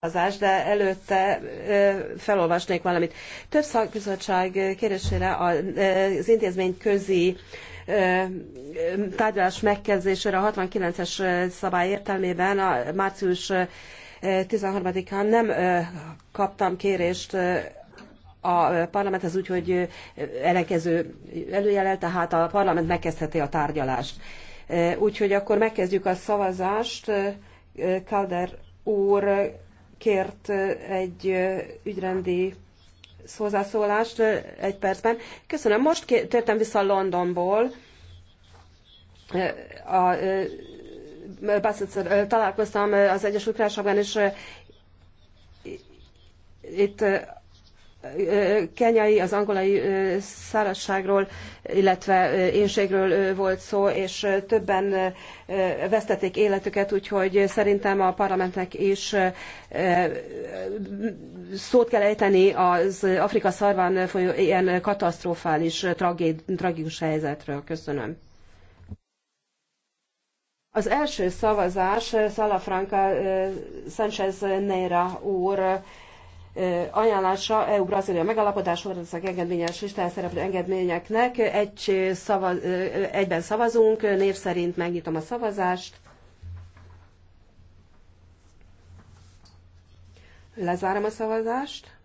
szavazás, de előtte felolvasnék valamit. Több szakbizottság kérésére az intézmény közi tárgyalás megkezdésére a 69-es szabály értelmében a március 13-án nem kaptam kérést a parlamenthez úgy, hogy ellenkező előjelel, tehát a parlament megkezdheti a tárgyalást. Úgyhogy akkor megkezdjük a szavazást. kalder úr kért egy ügyrendi hozzászólást egy percben. Köszönöm. Most tértem vissza Londonból. A, találkoztam az Egyesült Királyságban, és itt kenyai, az angolai szárazságról, illetve énségről volt szó, és többen vesztették életüket, úgyhogy szerintem a parlamentnek is szót kell ejteni az Afrika szarván folyó ilyen katasztrofális, tragikus helyzetről. Köszönöm. Az első szavazás Salafranca Sanchez Neira úr ajánlása EU-Brazília megállapodás a engedményes listán szereplő engedményeknek. Egy szavaz, egyben szavazunk, név szerint megnyitom a szavazást. Lezárom a szavazást.